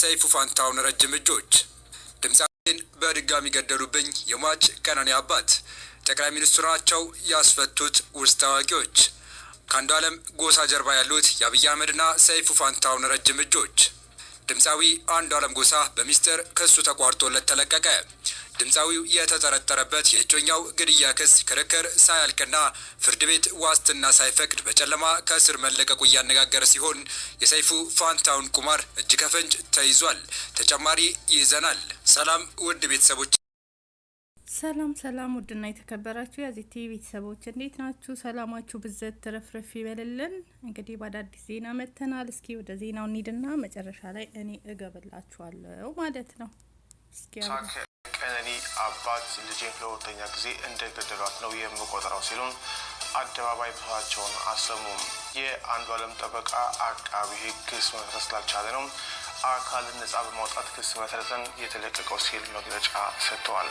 ሰይፉ ፋንታውን ረጅም እጆች ድምፃዊን በድጋሚ ገደሉብኝ። የሟች ቀነኒ አባት ጠቅላይ ሚኒስትሩ ናቸው ያስፈቱት ውስጥ ታዋቂዎች ዓለም ጎሳ ጀርባ ያሉት የአብይ አህመድና ሰይፉ ፋንታውን ረጅም እጆች ድምፃዊ አንዱ አለም ጎሳ በሚስጥር ክሱ ተቋርጦለት ተለቀቀ። ድምፃዊው የተጠረጠረበት የእጮኛው ግድያ ክስ ክርክር ሳያልቅና ፍርድ ቤት ዋስትና ሳይፈቅድ በጨለማ ከእስር መለቀቁ እያነጋገረ ሲሆን የሰይፉ ፋንታውን ቁማር እጅ ከፍንጅ ተይዟል። ተጨማሪ ይዘናል። ሰላም ውድ ቤተሰቦች። ሰላም ሰላም፣ ውድና የተከበራችሁ የዚህ ቲቪ ቤተሰቦች እንዴት ናችሁ? ሰላማችሁ ብዘት ትረፍረፍ ይበልልን። እንግዲህ በአዳዲስ ዜና መጥተናል። እስኪ ወደ ዜናው እንሂድና መጨረሻ ላይ እኔ እገብላችኋለሁ ማለት ነው። እስኪ ቀነኒ አባት ልጄን ለሁለተኛ ጊዜ ገደሏት ነው የምቆጥረው ሲሉም አደባባይ ብሳቸውን አሰሙም። የአንዷለም ጠበቃ አቃቢ ሕግ ክስ መመስረት ስላልቻለ ነው አካልን ነጻ በማውጣት ክስ መሰረተን የተለቀቀው ሲል መግለጫ ሰጥተዋል።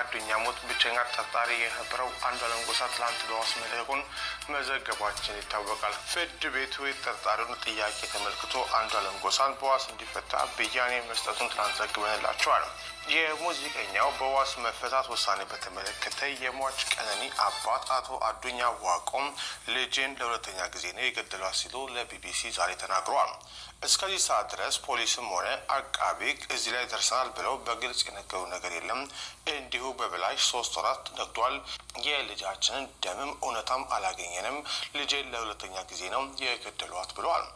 አዱኛ ሞት ብቸኛ ተጠርጣሪ የነበረው አንዷለም ጎሳ ትላንት በዋስ መለቀቁን መዘገባችን ይታወቃል። ፍርድ ቤቱ የተጠርጣሪውን ጥያቄ ተመልክቶ አንዷለም ጎሳን በዋስ እንዲፈታ ብያኔ መስጠቱን ትናንት ዘግበንላቸዋል። የሙዚቀኛው በዋስ መፈታት ውሳኔ በተመለከተ የሟች ቀነኒ አባት አቶ አዱኛ ዋቆም ልጄን ለሁለተኛ ጊዜ ነው የገደሏት ሲሉ ለቢቢሲ ዛሬ ተናግረዋል። እስከዚህ ሰዓት ድረስ ፖሊስም ሆነ አቃቢ እዚህ ላይ ደርሰናል ብለው በግልጽ የነገሩ ነገር የለም። እንዲሁ በበላሽ ሶስት ወራት ነግዷል። የልጃችንን ደምም እውነታም አላገኘንም። ልጄን ለሁለተኛ ጊዜ ነው የገደሏት ብለዋል።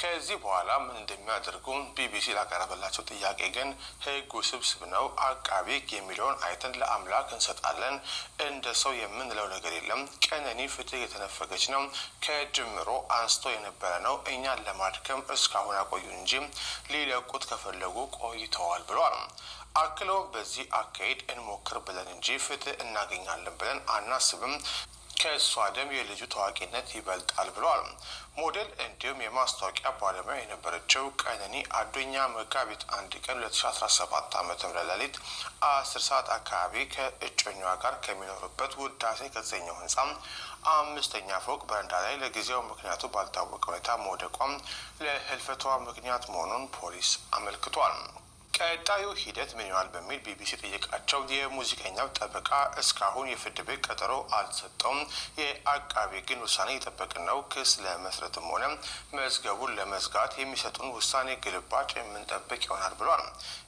ከዚህ በኋላ ምን እንደሚያደርጉ ቢቢሲ ላቀረበላቸው ጥያቄ ግን ህግ ስብስብ ነው አቃቢ የሚለውን አይተን ለአምላክ እንሰጣለን። እንደ ሰው የምንለው ነገር የለም። ቀነኒ ፍትህ የተነፈገች ነው። ከጅምሮ አንስቶ የነበረ ነው። እኛን ለማድከም እስካሁን አቆዩ እንጂ ሊለቁት ከፈለጉ ቆይተዋል ብሏል። አክለው በዚህ አካሄድ እንሞክር ብለን እንጂ ፍትህ እናገኛለን ብለን አናስብም። ከእሷ ደም የልጁ ታዋቂነት ይበልጣል ብለዋል። ሞዴል እንዲሁም የማስታወቂያ ባለሙያ የነበረችው ቀነኒ አዱኛ መጋቢት አንድ ቀን 2017 ዓ ም ሌሊት አስር ሰዓት አካባቢ ከእጮኛዋ ጋር ከሚኖርበት ውዳሴ ከተሰኘው ህንፃ አምስተኛ ፎቅ በረንዳ ላይ ለጊዜው ምክንያቱ ባልታወቀ ሁኔታ መውደቋም ለህልፈቷ ምክንያት መሆኑን ፖሊስ አመልክቷል። ቀጣዩ ሂደት ምን ይሆናል በሚል ቢቢሲ ጠየቃቸው። የሙዚቀኛው ጠበቃ እስካሁን የፍርድ ቤት ቀጠሮ አልሰጠውም፣ የአቃቢ ግን ውሳኔ እየጠበቅን ነው። ክስ ለመስረትም ሆነ መዝገቡን ለመዝጋት የሚሰጡን ውሳኔ ግልባጭ የምንጠብቅ ይሆናል ብሏል።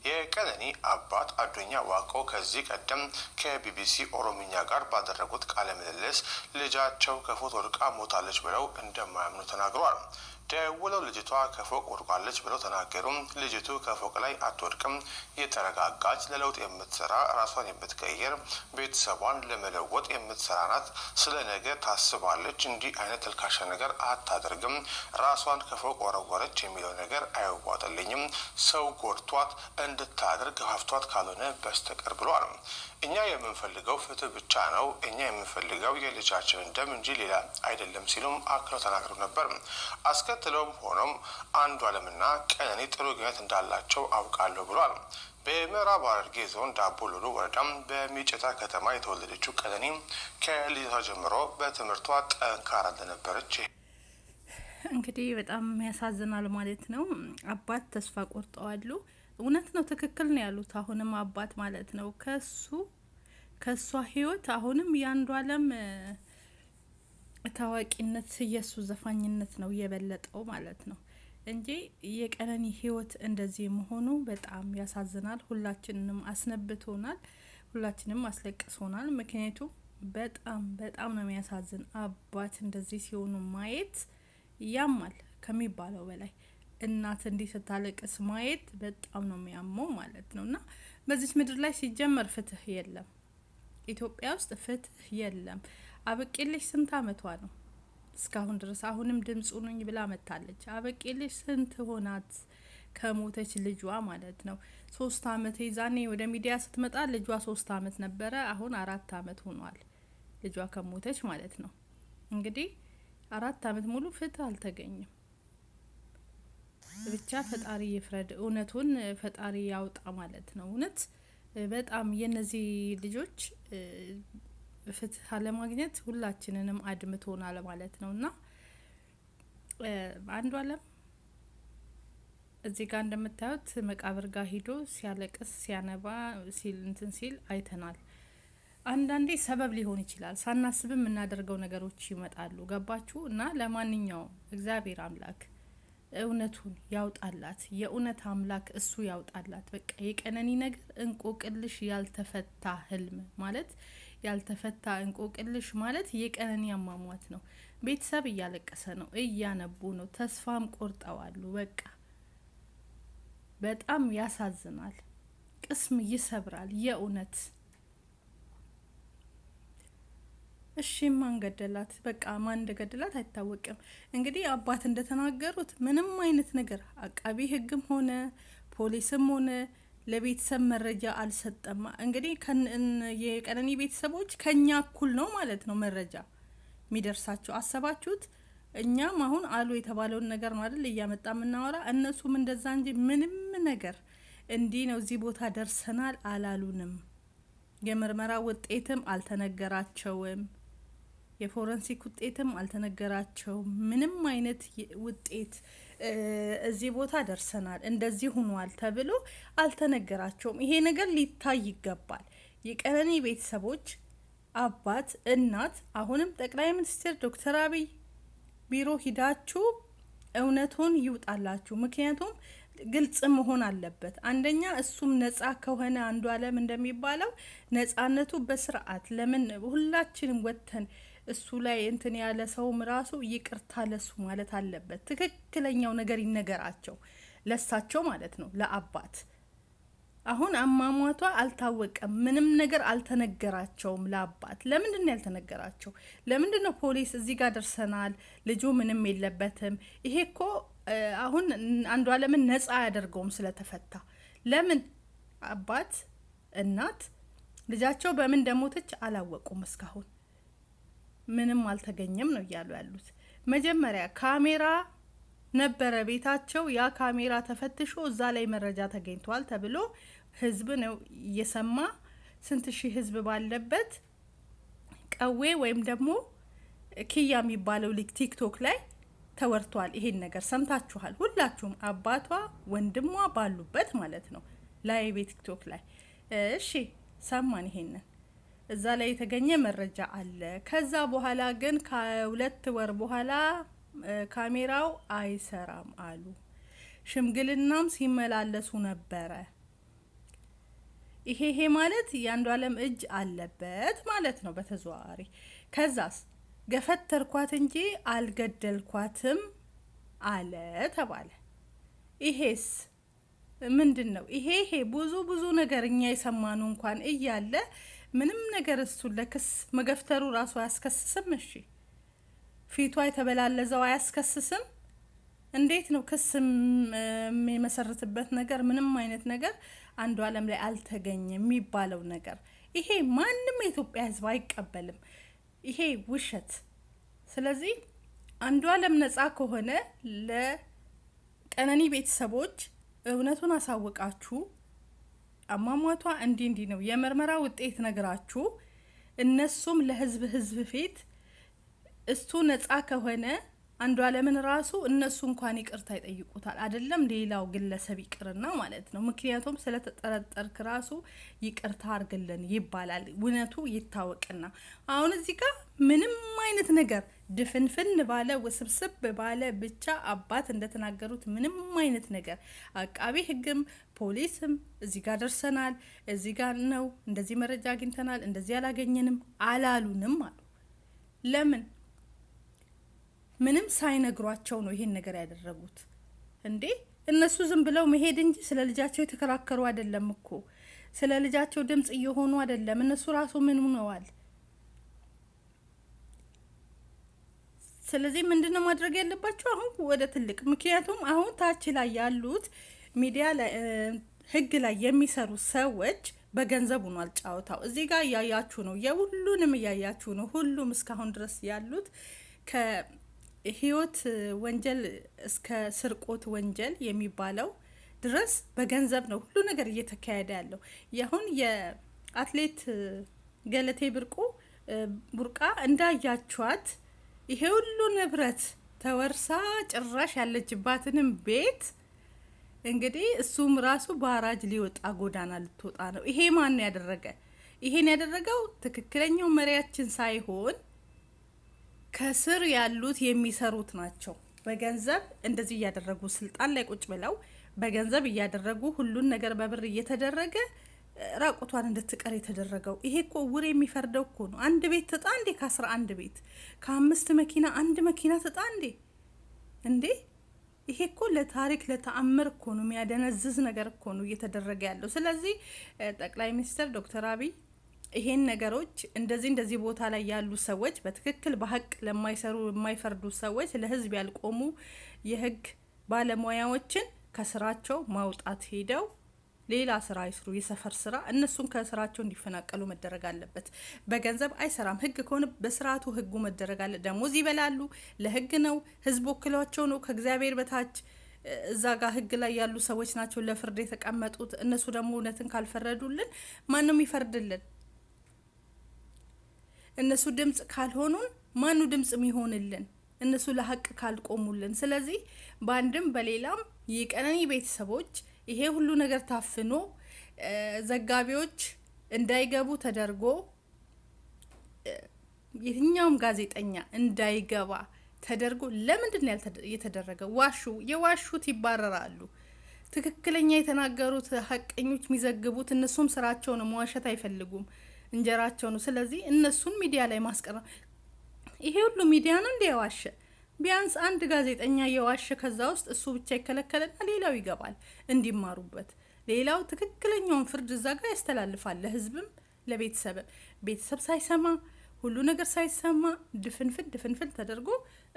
የቀነኒ አባት አዱኛ ዋቆ ከዚህ ቀደም ከቢቢሲ ኦሮምኛ ጋር ባደረጉት ቃለ ምልልስ ልጃቸው ከፎቶ ወድቃ ሞታለች ብለው እንደማያምኑ ተናግሯል። ደውለው ልጅቷ ከፎቅ ወድቋለች ብለው ተናገሩ። ልጅቱ ከፎቅ ላይ አትወድቅም፣ የተረጋጋች ለለውጥ የምትሰራ ራሷን የምትቀይር ቤተሰቧን ለመለወጥ የምትሰራ ናት። ስለ ነገ ታስባለች። እንዲህ አይነት ተልካሻ ነገር አታደርግም። ራሷን ከፎቅ ወረወረች የሚለው ነገር አይዋጥልኝም። ሰው ጎድቷት እንድታደርግ ሀፍቷት ካልሆነ በስተቀር ብሏል። እኛ የምንፈልገው ፍትህ ብቻ ነው። እኛ የምንፈልገው የልጃችንን ደም እንጂ ሌላ አይደለም ሲሉም አክለው ተናግረው ነበር። አስከትለውም ሆኖም አለምና ቀነኒ ጥሩ ግንኙነት እንዳላቸው አውቃለሁ ብሏል። በምዕራብ ሐረርጌ ዞን ዳቦ ሎሎ ወረዳ በሚጨታ ከተማ የተወለደችው ቀነኒ ከልጅቷ ጀምሮ በትምህርቷ ጠንካራ እንደነበረች እንግዲህ በጣም ያሳዝናል ማለት ነው። አባት ተስፋ ቆርጠዋሉ። እውነት ነው፣ ትክክል ነው ያሉት። አሁንም አባት ማለት ነው ከሱ ከእሷ ህይወት አሁንም አለም። ታዋቂነት የእሱ ዘፋኝነት ነው የበለጠው ማለት ነው እንጂ የቀነኒ ህይወት እንደዚህ መሆኑ በጣም ያሳዝናል። ሁላችንንም አስነብቶናል፣ ሁላችንም አስለቅሶናል። ምክንያቱም በጣም በጣም ነው የሚያሳዝን። አባት እንደዚህ ሲሆኑ ማየት ያማል ከሚባለው በላይ እናት እንዲህ ስታለቅስ ማየት በጣም ነው የሚያመው ማለት ነው። እና በዚች ምድር ላይ ሲጀመር ፍትህ የለም፣ ኢትዮጵያ ውስጥ ፍትህ የለም። አበቄልሽ ስንት አመቷ ነው እስካሁን ድረስ አሁንም ድምጹ ነኝ ብላ መታለች። አበቄልሽ ስንት ሆናት ከሞተች ልጇ ማለት ነው። ሶስት አመት ይዛኔ ወደ ሚዲያ ስትመጣ ልጇ ሶስት አመት ነበረ። አሁን አራት አመት ሆኗል ልጇ ከሞተች ማለት ነው። እንግዲህ አራት አመት ሙሉ ፍትህ አልተገኘም። ብቻ ፈጣሪ ይፍረድ፣ እውነቱን ፈጣሪ ያውጣ ማለት ነው። እውነት በጣም የነዚህ ልጆች ፍትህ አለማግኘት ሁላችንንም አድምቶናል ማለት ነው እና አንዱ አለም እዚህ ጋር እንደምታዩት መቃብር ጋር ሂዶ ሲያለቅስ ሲያነባ ሲል እንትን ሲል አይተናል። አንዳንዴ ሰበብ ሊሆን ይችላል። ሳናስብም የምናደርገው ነገሮች ይመጣሉ። ገባችሁ? እና ለማንኛውም እግዚአብሔር አምላክ እውነቱን ያውጣላት። የእውነት አምላክ እሱ ያውጣላት። በቃ የቀነኒ ነገር እንቆቅልሽ ያልተፈታ ህልም ማለት ያልተፈታ እንቆቅልሽ ማለት የቀነኒ አሟሟት ነው። ቤተሰብ እያለቀሰ ነው፣ እያነቡ ነው፣ ተስፋም ቆርጠዋሉ። በቃ በጣም ያሳዝናል፣ ቅስም ይሰብራል። የእውነት እሺ፣ ማን ገደላት? በቃ ማን እንደገደላት አይታወቅም። እንግዲህ አባት እንደተናገሩት ምንም አይነት ነገር አቃቢ ህግም ሆነ ፖሊስም ሆነ ለቤተሰብ መረጃ አልሰጠም እንግዲህ የቀነኒ ቤተሰቦች ከኛ እኩል ነው ማለት ነው መረጃ የሚደርሳቸው። አሰባችሁት? እኛም አሁን አሉ የተባለውን ነገር ነው አይደል እያመጣ የምናወራ፣ እነሱም እንደዛ እንጂ ምንም ነገር እንዲህ ነው እዚህ ቦታ ደርሰናል አላሉንም። የምርመራ ውጤትም አልተነገራቸውም። የፎረንሲክ ውጤትም አልተነገራቸውም። ምንም አይነት ውጤት እዚህ ቦታ ደርሰናል፣ እንደዚህ ሁኗል ተብሎ አልተነገራቸውም። ይሄ ነገር ሊታይ ይገባል። የቀነኒ ቤተሰቦች አባት፣ እናት፣ አሁንም ጠቅላይ ሚኒስትር ዶክተር አብይ ቢሮ ሂዳችሁ እውነቱን ይውጣላችሁ። ምክንያቱም ግልጽ መሆን አለበት። አንደኛ እሱም ነጻ ከሆነ አንዱ አለም እንደሚባለው ነጻነቱ በስርዓት ለምን ሁላችንም ወጥተን እሱ ላይ እንትን ያለ ሰውም ራሱ ይቅርታ ለሱ ማለት አለበት። ትክክለኛው ነገር ይነገራቸው ለሳቸው ማለት ነው ለአባት። አሁን አሟሟቷ አልታወቀም፣ ምንም ነገር አልተነገራቸውም ለአባት። ለምንድን ነው ያልተነገራቸው? ለምንድን ነው ፖሊስ እዚህ ጋር ደርሰናል፣ ልጁ ምንም የለበትም፣ ይሄ እኮ አሁን አንዱ አለምን ነጻ አያደርገውም ስለተፈታ። ለምን አባት እናት ልጃቸው በምን እንደሞተች አላወቁም እስካሁን ምንም አልተገኘም ነው እያሉ ያሉት። መጀመሪያ ካሜራ ነበረ ቤታቸው። ያ ካሜራ ተፈትሾ እዛ ላይ መረጃ ተገኝቷል ተብሎ ህዝብ ነው እየሰማ ስንት ሺህ ህዝብ ባለበት ቀዌ ወይም ደግሞ ኪያ የሚባለው ሊክ ቲክቶክ ላይ ተወርቷል። ይሄን ነገር ሰምታችኋል ሁላችሁም፣ አባቷ ወንድሟ ባሉበት ማለት ነው ላይ ቤት ቲክቶክ ላይ እሺ፣ ሰማን ይሄንን እዛ ላይ የተገኘ መረጃ አለ። ከዛ በኋላ ግን ከሁለት ወር በኋላ ካሜራው አይሰራም አሉ። ሽምግልናም ሲመላለሱ ነበረ። ይሄ ማለት የአንዷለም እጅ አለበት ማለት ነው በተዘዋዋሪ። ከዛስ ገፈተርኳት እንጂ አልገደልኳትም አለ ተባለ። ይሄስ ምንድን ነው? ይሄ ይሄ ብዙ ብዙ ነገር እኛ የሰማኑ እንኳን እያለ ምንም ነገር እሱን ለክስ መገፍተሩ ራሱ አያስከስስም። እሺ ፊቷ የተበላለዘው አያስከስስም። እንዴት ነው ክስ የሚመሰርትበት ነገር? ምንም አይነት ነገር አንዱ አለም ላይ አልተገኘም የሚባለው ነገር ይሄ ማንም የኢትዮጵያ ሕዝብ አይቀበልም። ይሄ ውሸት። ስለዚህ አንዱ አለም ነጻ ከሆነ ለቀነኒ ቤተሰቦች እውነቱን አሳውቃችሁ አሟሟቷ እንዲህ እንዲህ ነው የምርመራ ውጤት ነግራችሁ እነሱም ለህዝብ ህዝብ ፊት እሱ ነጻ ከሆነ አንዱ አለምን ራሱ እነሱ እንኳን ይቅርታ ይጠይቁታል፣ አይደለም ሌላው ግለሰብ ይቅርና ማለት ነው። ምክንያቱም ስለተጠረጠርክ ራሱ ይቅርታ አርግልን ይባላል፣ እውነቱ ይታወቅና። አሁን እዚህ ጋር ምንም አይነት ነገር ድፍንፍን ባለ ውስብስብ ባለ ብቻ አባት እንደተናገሩት ምንም አይነት ነገር አቃቢ ህግም ፖሊስም እዚህ ጋር ደርሰናል፣ እዚህ ጋር ነው፣ እንደዚህ መረጃ አግኝተናል፣ እንደዚህ አላገኘንም አላሉንም አሉ። ለምን ምንም ሳይነግሯቸው ነው ይሄን ነገር ያደረጉት። እንዴ እነሱ ዝም ብለው መሄድ እንጂ ስለ ልጃቸው የተከራከሩ አይደለም እኮ ስለ ልጃቸው ድምፅ እየሆኑ አይደለም። እነሱ ራሱ ምን ሆነዋል? ስለዚህ ምንድነው ማድረግ ያለባቸው? አሁን ወደ ትልቅ ምክንያቱም አሁን ታች ላይ ያሉት ሚዲያ ህግ ላይ የሚሰሩ ሰዎች በገንዘብ ሆኗል ጫወታው። እዚህ ጋር እያያችሁ ነው፣ የሁሉንም እያያችሁ ነው። ሁሉም እስካሁን ድረስ ያሉት ህይወት ወንጀል እስከ ስርቆት ወንጀል የሚባለው ድረስ በገንዘብ ነው ሁሉ ነገር እየተካሄደ ያለው። ያሁን የአትሌት ገለቴ ብርቁ ቡርቃ እንዳያችኋት ይሄ ሁሉ ንብረት ተወርሳ ጭራሽ ያለችባትንም ቤት እንግዲህ እሱም ራሱ በአራጅ ሊወጣ ጎዳና ልትወጣ ነው። ይሄ ማን ያደረገ? ይሄን ያደረገው ትክክለኛው መሪያችን ሳይሆን ከስር ያሉት የሚሰሩት ናቸው። በገንዘብ እንደዚህ እያደረጉ ስልጣን ላይ ቁጭ ብለው በገንዘብ እያደረጉ ሁሉን ነገር በብር እየተደረገ ራቁቷን እንድትቀር የተደረገው ይሄ እኮ ውር የሚፈርደው እኮ ነው። አንድ ቤት ትጣ እንዴ? ከአስራ አንድ ቤት ከአምስት መኪና አንድ መኪና ትጣ እንዴ? እንዴ ይሄ እኮ ለታሪክ ለተአምር እኮ ነው። የሚያደነዝዝ ነገር እኮ ነው እየተደረገ ያለው። ስለዚህ ጠቅላይ ሚኒስትር ዶክተር አብይ ይሄን ነገሮች እንደዚህ እንደዚህ ቦታ ላይ ያሉ ሰዎች በትክክል በሀቅ ለማይሰሩ የማይፈርዱ ሰዎች፣ ለህዝብ ያልቆሙ የህግ ባለሙያዎችን ከስራቸው ማውጣት ሄደው ሌላ ስራ ይስሩ፣ የሰፈር ስራ እነሱን ከስራቸው እንዲፈናቀሉ መደረግ አለበት። በገንዘብ አይሰራም። ህግ ከሆነ በስርዓቱ ህጉ መደረግ አለ። ደሞዝ ይበላሉ። ለህግ ነው። ህዝብ ወክሏቸው ነው። ከእግዚአብሔር በታች እዛ ጋር ህግ ላይ ያሉ ሰዎች ናቸው ለፍርድ የተቀመጡት። እነሱ ደግሞ እውነትን ካልፈረዱልን ማንም ይፈርድልን? እነሱ ድምፅ ካልሆኑን ማኑ ድምፅ ሚሆንልን? እነሱ ለሀቅ ካልቆሙልን። ስለዚህ በአንድም በሌላም የቀነኒ ቤተሰቦች ይሄ ሁሉ ነገር ታፍኖ ዘጋቢዎች እንዳይገቡ ተደርጎ የትኛውም ጋዜጠኛ እንዳይገባ ተደርጎ ለምንድን ነው የተደረገ? ዋሹ። የዋሹት ይባረራሉ። ትክክለኛ የተናገሩት ሀቀኞች የሚዘግቡት እነሱም ስራቸው ነው። መዋሸት አይፈልጉም። እንጀራቸው ነው። ስለዚህ እነሱን ሚዲያ ላይ ማስቀረብ ይሄ ሁሉ ሚዲያ ነው እንዲ የዋሸ ቢያንስ አንድ ጋዜጠኛ የዋሸ ከዛ ውስጥ እሱ ብቻ ይከለከልና ሌላው ይገባል እንዲማሩበት። ሌላው ትክክለኛውን ፍርድ እዛ ጋር ያስተላልፋል ለህዝብም ለቤተሰብም ቤተሰብ ሳይሰማ ሁሉ ነገር ሳይሰማ ድፍንፍን ድፍንፍን ተደርጎ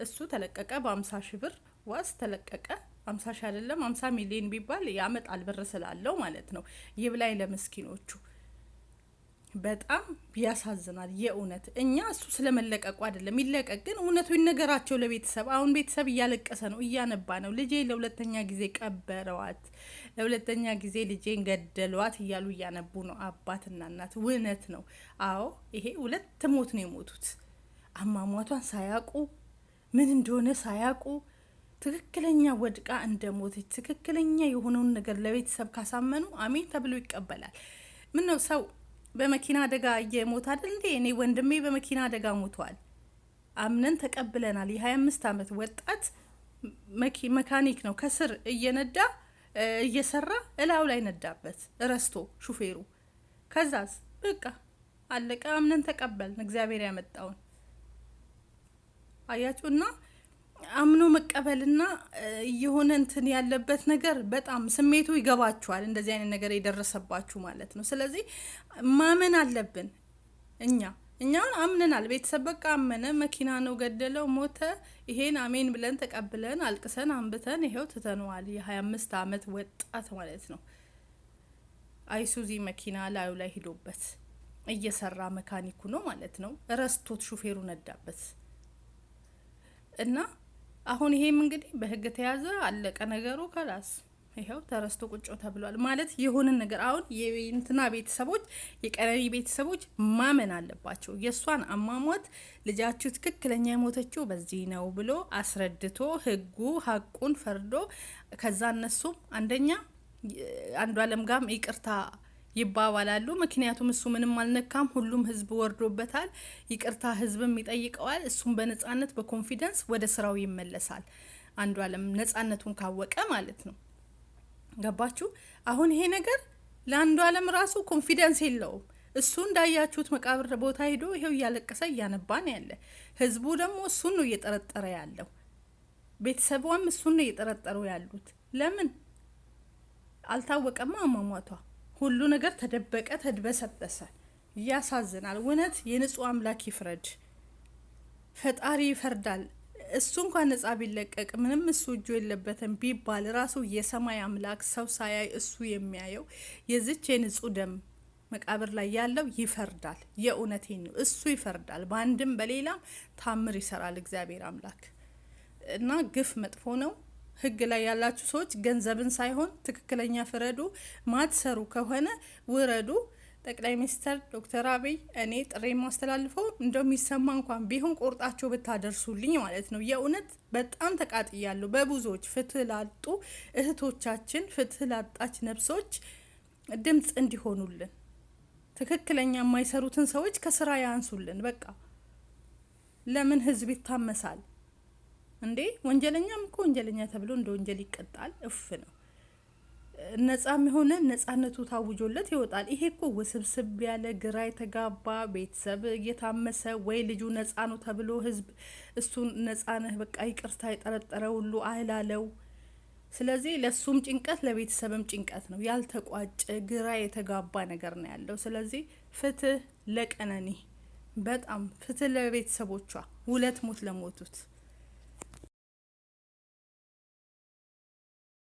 እሱ ተለቀቀ። በአምሳ ሺህ ብር ዋስ ተለቀቀ። አምሳ ሺህ አይደለም አምሳ ሚሊዮን ቢባል ያመጣል ብር ስላለው ማለት ነው። ይብላኝ ለምስኪኖቹ። በጣም ያሳዝናል። የእውነት እኛ እሱ ስለመለቀቁ አይደለም ይለቀቅ፣ ግን እውነቱ ይነገራቸው ለቤተሰብ። አሁን ቤተሰብ እያለቀሰ ነው፣ እያነባ ነው። ልጄ ለሁለተኛ ጊዜ ቀበረዋት፣ ለሁለተኛ ጊዜ ልጄን ገደሏት እያሉ እያነቡ ነው አባትና እናት። እውነት ነው። አዎ ይሄ ሁለት ሞት ነው የሞቱት፣ አሟሟቷን ሳያውቁ ምን እንደሆነ ሳያውቁ ትክክለኛ ወድቃ እንደሞተች ትክክለኛ የሆነውን ነገር ለቤተሰብ ካሳመኑ አሜን ተብሎ ይቀበላል። ምን ነው ሰው በመኪና አደጋ እየሞት አይደል እንዴ? እኔ ወንድሜ በመኪና አደጋ ሞቷል። አምነን ተቀብለናል። የ25 ዓመት ወጣት መካኒክ ነው። ከስር እየነዳ እየሰራ እላው ላይ ነዳበት ረስቶ ሹፌሩ። ከዛስ በቃ አለቀ። አምነን ተቀበልን እግዚአብሔር ያመጣውን አያችሁ አምኖ መቀበልና የሆነ እንትን ያለበት ነገር በጣም ስሜቱ ይገባችኋል። እንደዚህ አይነት ነገር የደረሰባችሁ ማለት ነው። ስለዚህ ማመን አለብን እኛ እኛውን አምነናል። ቤተሰብ በቃ አመነ። መኪና ነው ገደለው፣ ሞተ። ይሄን አሜን ብለን ተቀብለን አልቅሰን አንብተን ይሄው ትተነዋል። የሀያ አምስት አመት ወጣት ማለት ነው። አይሱዚ መኪና ላዩ ላይ ሂዶበት እየሰራ መካኒኩ ነው ማለት ነው። ረስቶት ሹፌሩ ነዳበት እና አሁን ይሄም እንግዲህ በህግ ተያዘ፣ አለቀ ነገሩ። ከላስ ይኸው ተረስቶ ቁጮ ተብሏል ማለት የሆነ ነገር አሁን የእንትና ቤተሰቦች የቀነኒ ቤተሰቦች ማመን አለባቸው። የእሷን አሟሟት ልጃችሁ ትክክለኛ የሞተችው በዚህ ነው ብሎ አስረድቶ ህጉ ሀቁን ፈርዶ ከዛ እነሱም አንደኛ አለም ጋም ይቅርታ ይባባላሉ። ምክንያቱም እሱ ምንም አልነካም፣ ሁሉም ህዝብ ወርዶበታል። ይቅርታ ህዝብም ይጠይቀዋል። እሱም በነጻነት በኮንፊደንስ ወደ ስራው ይመለሳል። አንዱ አለም ነጻነቱን ካወቀ ማለት ነው። ገባችሁ? አሁን ይሄ ነገር ለአንዱ አለም ራሱ ኮንፊደንስ የለውም። እሱ እንዳያችሁት መቃብር ቦታ ሄዶ ይሄው እያለቀሰ እያነባን ያለ ህዝቡ ደግሞ እሱን ነው እየጠረጠረ ያለው። ቤተሰቧም እሱን ነው እየጠረጠሩ ያሉት። ለምን አልታወቀማ አሟሟቷ። ሁሉ ነገር ተደበቀ፣ ተድበሰበሰ። ያሳዝናል። እውነት የንጹህ አምላክ ይፍረድ። ፈጣሪ ይፈርዳል። እሱ እንኳን ነጻ ቢለቀቅ ምንም እሱ እጁ የለበትም ቢባል ራሱ የሰማይ አምላክ ሰው ሳያይ እሱ የሚያየው የዚች የንጹህ ደም መቃብር ላይ ያለው ይፈርዳል። የእውነቴ ነው፣ እሱ ይፈርዳል። በአንድም በሌላም ታምር ይሰራል እግዚአብሔር አምላክ እና ግፍ መጥፎ ነው። ህግ ላይ ያላችሁ ሰዎች ገንዘብን ሳይሆን ትክክለኛ ፍረዱ። ማትሰሩ ከሆነ ውረዱ። ጠቅላይ ሚኒስትር ዶክተር አብይ እኔ ጥሪ የማስተላልፈው እንደሚሰማ እንኳን ቢሆን ቆርጣቸው ብታደርሱልኝ ማለት ነው። የእውነት በጣም ተቃጥያለሁ። በብዙዎች ፍትህ ላጡ እህቶቻችን፣ ፍትህ ላጣች ነብሶች ድምፅ እንዲሆኑልን ትክክለኛ የማይሰሩትን ሰዎች ከስራ ያንሱልን። በቃ ለምን ህዝብ ይታመሳል? እንዴ ወንጀለኛም እኮ ወንጀለኛ ተብሎ እንደ ወንጀል ይቀጣል። እፍ ነው። ነጻም የሆነ ነጻነቱ ታውጆለት ይወጣል። ይሄ እኮ ውስብስብ ያለ ግራ የተጋባ ቤተሰብ እየታመሰ ወይ ልጁ ነጻ ነው ተብሎ ህዝብ እሱን ነጻ ነህ በቃ ይቅርታ የጠረጠረ ሁሉ አህላለው ስለዚህ ለእሱም ጭንቀት ለቤተሰብም ጭንቀት ነው። ያልተቋጨ ግራ የተጋባ ነገር ነው ያለው። ስለዚህ ፍትህ ለቀነኒ በጣም ፍትህ ለቤተሰቦቿ፣ ሁለት ሞት ለሞቱት